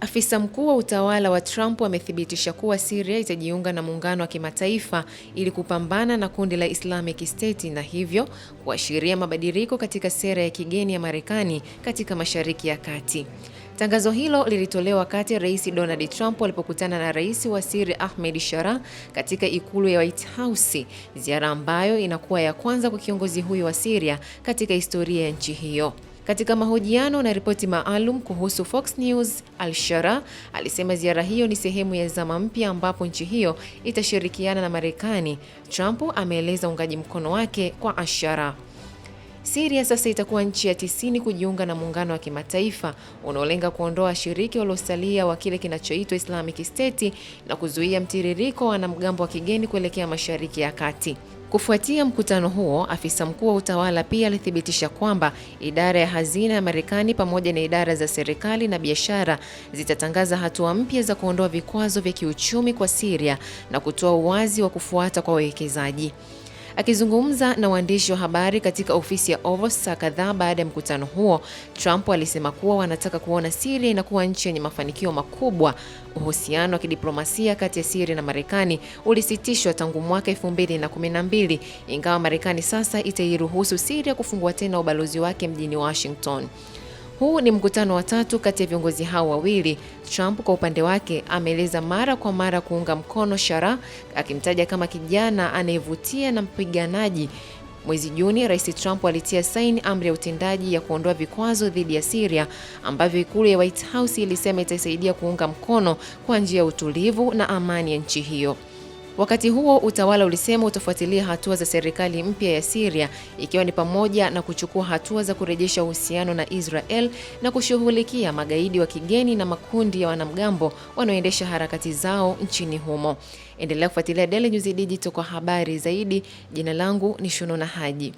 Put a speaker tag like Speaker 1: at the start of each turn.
Speaker 1: Afisa mkuu wa utawala wa Trump amethibitisha kuwa Syria itajiunga na muungano wa kimataifa ili kupambana na kundi la Islamic State na hivyo kuashiria mabadiliko katika sera ya kigeni ya Marekani katika Mashariki ya Kati. Tangazo hilo lilitolewa wakati Rais Donald Trump alipokutana na Rais wa Syria Ahmed Sharaa katika ikulu ya White House, ziara ambayo inakuwa ya kwanza kwa kiongozi huyo wa Syria katika historia ya nchi hiyo. Katika mahojiano na ripoti maalum kuhusu Fox News, Al-Shara alisema ziara hiyo ni sehemu ya zama mpya ambapo nchi hiyo itashirikiana na Marekani. Trump ameeleza uungaji mkono wake kwa Al-Shara. Syria sasa itakuwa nchi ya tisini kujiunga na muungano wa kimataifa unaolenga kuondoa washiriki waliosalia wa kile kinachoitwa Islamic State na kuzuia mtiririko wa wanamgambo wa kigeni kuelekea Mashariki ya Kati. Kufuatia mkutano huo, afisa mkuu wa utawala pia alithibitisha kwamba idara ya hazina ya Marekani pamoja na idara za serikali na biashara zitatangaza hatua mpya za kuondoa vikwazo vya kiuchumi kwa Syria na kutoa uwazi wa kufuata kwa wawekezaji. Akizungumza na waandishi wa habari katika ofisi ya Oval saa kadhaa baada ya mkutano huo, Trump alisema kuwa wanataka kuona siria inakuwa nchi yenye mafanikio makubwa. Uhusiano wa kidiplomasia kati ya siria na Marekani ulisitishwa tangu mwaka 2012 ingawa Marekani sasa itairuhusu siria kufungua tena ubalozi wake mjini Washington. Huu ni mkutano wa tatu kati ya viongozi hao wawili. Trump kwa upande wake ameeleza mara kwa mara kuunga mkono Shara, akimtaja kama kijana anayevutia na mpiganaji. Mwezi Juni, Rais Trump alitia saini amri ya utendaji ya kuondoa vikwazo dhidi ya Syria ambavyo ikulu ya White House ilisema itasaidia kuunga mkono kwa njia ya utulivu na amani ya nchi hiyo. Wakati huo utawala ulisema utafuatilia hatua za serikali mpya ya Syria ikiwa ni pamoja na kuchukua hatua za kurejesha uhusiano na Israel na kushughulikia magaidi wa kigeni na makundi ya wanamgambo wanaoendesha harakati zao nchini humo. Endelea kufuatilia Daily News Digital kwa habari zaidi. Jina langu ni Shunona Haji.